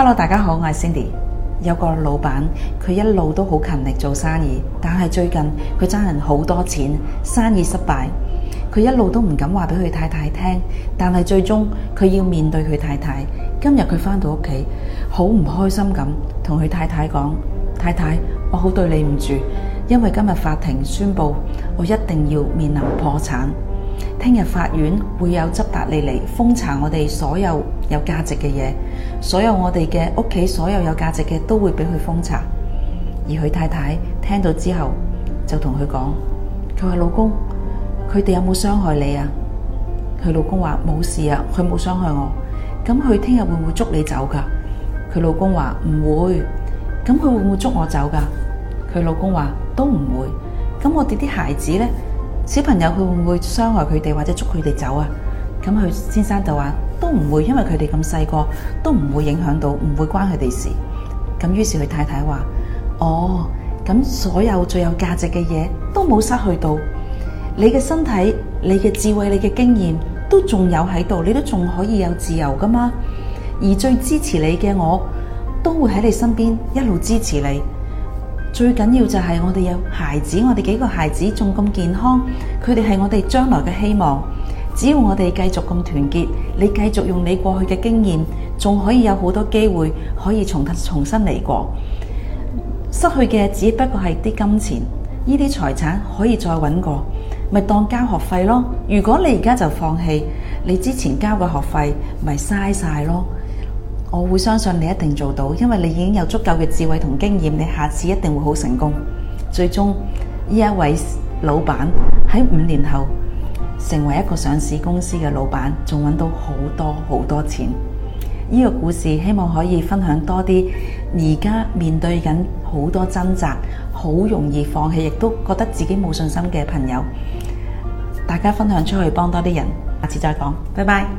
Hello，大家好，我係 Cindy。有個老闆，佢一路都好勤力做生意，但係最近佢爭人好多錢，生意失敗。佢一路都唔敢話俾佢太太聽，但係最終佢要面對佢太太。今日佢返到屋企，好唔開心咁同佢太太講：太太，我好對你唔住，因為今日法庭宣布，我一定要面臨破產。聽日法院會有執達利嚟封查我哋所有有價值嘅嘢，所有我哋嘅屋企所有有價值嘅都會俾佢封查。而佢太太聽到之後就同佢講：佢話老公，佢哋有冇傷害你啊？佢老公話冇事啊，佢冇傷害我。咁佢聽日會唔會捉你走噶？佢老公話唔會。咁佢會唔會捉我走噶？佢老公話都唔會。咁我哋啲孩子呢？」小朋友佢會唔會傷害佢哋或者捉佢哋走啊？咁佢先生就話都唔會，因為佢哋咁細個，都唔會影響到，唔會關佢哋事。咁於是佢太太話：「哦，咁所有最有價值嘅嘢，都冇失去到，你嘅身體、你嘅智慧、你嘅經驗都仲有喺度，你都仲可以有自由㗎嘛？而最支持你嘅我，都會喺你身邊一路支持你。最緊要就係我哋有孩子，我哋幾個孩子仲咁健康，佢哋係我哋將來嘅希望。只要我哋繼續咁團結，你繼續用你過去嘅經驗，仲可以有好多機會可以重重新嚟過。失去嘅只不過係啲金錢，呢啲財產可以再揾過，咪當交學費咯。如果你而家就放棄，你之前交嘅學費咪嘥晒咯我會相信你一定做到，因為你已經有足夠嘅智慧同經驗，你下次一定會好成功。最終呢一位老闆喺五年後成為一個上市公司嘅老闆，仲揾到好多好多錢。呢個故事希望可以分享多啲，而家面對緊好多掙扎，好容易放棄，亦都覺得自己冇信心嘅朋友，大家分享出去幫多啲人。下次再講，拜拜。